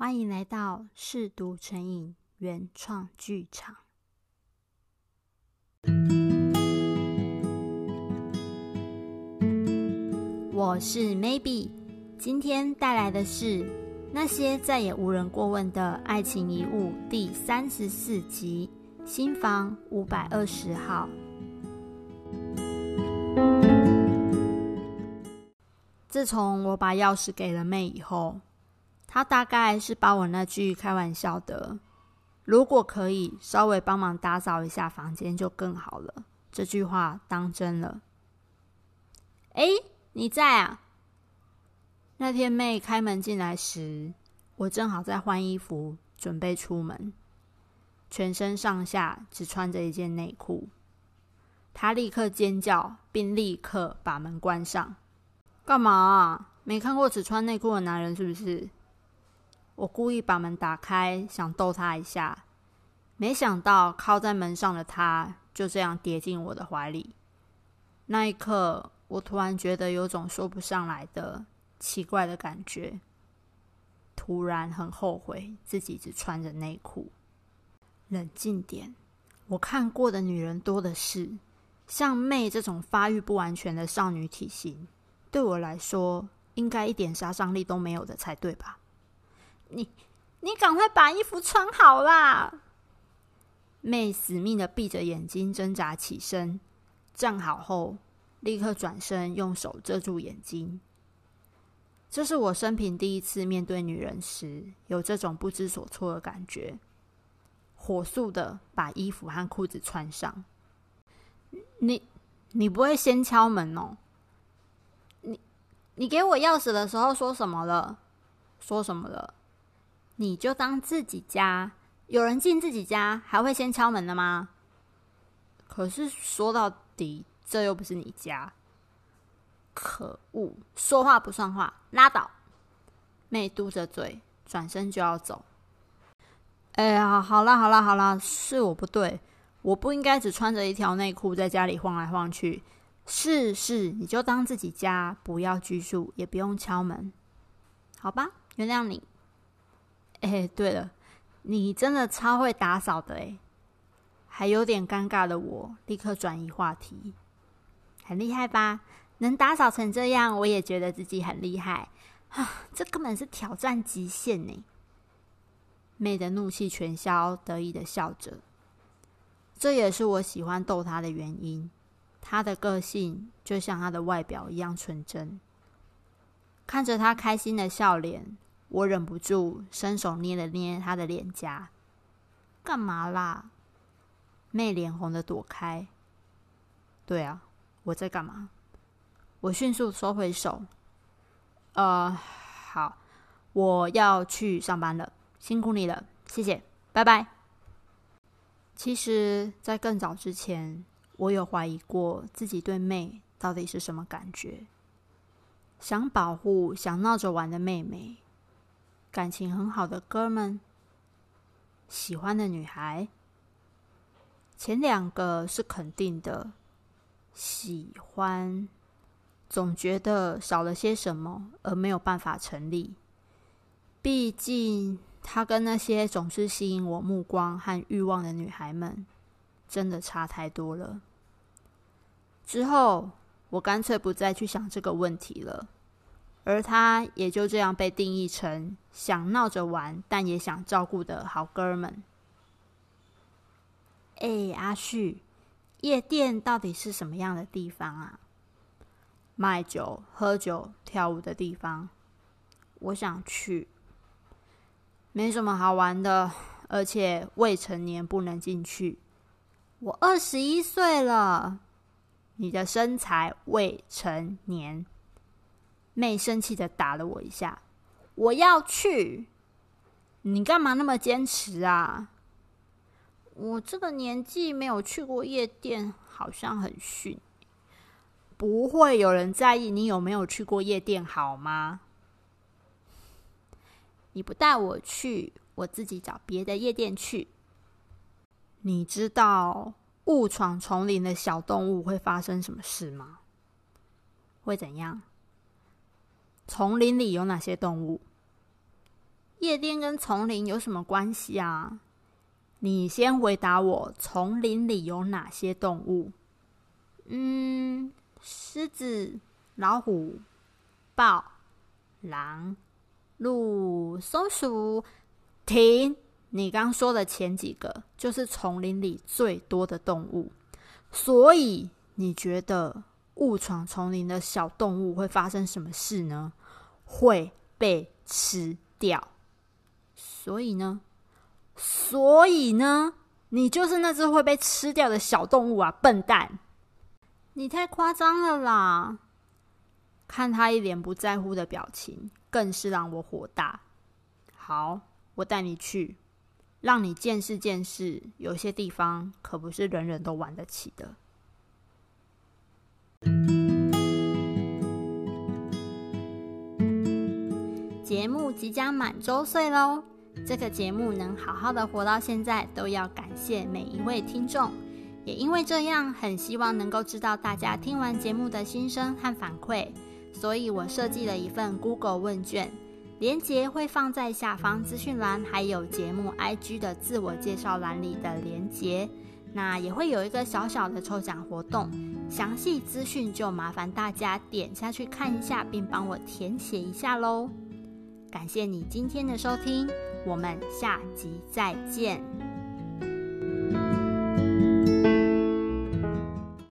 歡迎來到《嗜讀成癮》原創劇場，我是 Maybe，今天帶來的是《那些再也無人過問的愛情遺物》第三十四集《心房五百二十號》。自從我把鑰匙給了妹以後。他大概是把我那句開玩笑的“如果可以稍微幫忙打掃一下房間就更好了”這句話當真了。哎，你在啊？那天妹開門進來時，我正好在換衣服準備出門，全身上下只穿着一件內褲。他立刻尖叫，並立刻把門關上。幹嘛啊？沒看過只穿內褲的男人是不是？我故意把門打開，想逗她一下，沒想到靠在門上的她就這樣跌進我的懷裡。那一刻，我突然覺得有種說不上來的奇怪的感覺，突然很後悔自己只穿着內褲。冷靜點，我看過的女人多的是，像妹這種發育不完全的少女體型，對我來說應該一點殺傷力都沒有的才對吧？你你趕快把衣服穿好啦！妹死命的閉着眼睛掙扎起身，站好後立刻轉身，用手遮住眼睛。這是我生平第一次面對女人時有這種不知所措的感覺。火速的把衣服和褲子穿上。你你不會先敲門哦？你你給我鑰匙的時候說什麼了？說什麼了？你就當自己家，有人進自己家還會先敲門的嗎？可是說到底，這又不是你家。可惡，說話不算話，拉倒！妹嘟着嘴，轉身就要走。哎、欸，呀，好啦好啦好啦，是我不對，我不應該只穿着一條內褲在家裡晃來晃去。是是，你就當自己家，不要拘束，也不用敲門，好吧？原諒你。哎、欸，對了，你真的超會打掃的哎，還有點尷尬的我，立刻轉移話題，很厲害吧？能打掃成這樣，我也覺得自己很厲害啊！這根本是挑戰極限呢。妹的怒氣全消，得意的笑着。這也是我喜歡逗她的原因。她的個性就像她的外表一樣純真。看着她開心的笑臉。我忍不住伸手捏了捏她的臉頰，幹嘛啦？妹臉紅的躲開。對啊，我在幹嘛？我迅速收回手。呃，好，我要去上班了，辛苦你了，謝謝，拜拜。其實，在更早之前，我有懷疑過自己對妹到底是什麼感覺，想保護、想鬧着玩的妹妹。感情很好的哥們、喜歡的女孩。前兩個是肯定的，喜歡，總覺得少了些什麼，而沒有辦法成立。畢竟他跟那些總是吸引我目光和欲望的女孩們，真的差太多了。之後，我乾脆不再去想這個問題了。而他也就這樣被定義成想鬧着玩，但也想照顧的好哥們。哎，阿旭，夜店到底是什麼樣的地方啊？賣酒、喝酒、跳舞的地方。我想去，沒什麼好玩的，而且未成年不能進去。我二十一歲了，你的身材未成年。妹生氣的打了我一下。我要去，你幹嘛那麼堅持啊？我這個年紀沒有去過夜店，好像很遜。不會有人在意你有沒有去過夜店，好嗎？你不帶我去，我自己找別的夜店去。你知道誤闖叢林的小動物會發生什麼事嗎？會怎樣？叢林裡有哪些動物？夜店跟叢林有什麼關係啊？你先回答我，叢林裡有哪些動物？嗯，獅子、老虎、豹、狼、鹿、松鼠。停，你剛說的前幾個就是叢林裡最多的動物。所以你覺得誤闖叢林的小動物會發生什麼事呢？會被吃掉，所以呢，所以呢，你就是那只會被吃掉的小動物啊，笨蛋！你太誇張了啦！看他一臉不在乎的表情，更是讓我火大。好，我帶你去，讓你見識見識，有些地方可不是人人都玩得起的。節目即將滿週歲嘍！這個節目能好好的活到現在，都要感謝每一位聽眾。也因為這樣，很希望能夠知道大家聽完節目的心聲和反饋，所以我設計了一份 Google 問卷，連結會放在下方資訊欄，還有節目 IG 的自我介紹欄裡的連結。那也會有一個小小的抽獎活動，詳細資訊就麻煩大家點下去看一下，並幫我填寫一下嘍。感謝你今天的收聽，我們下集再見。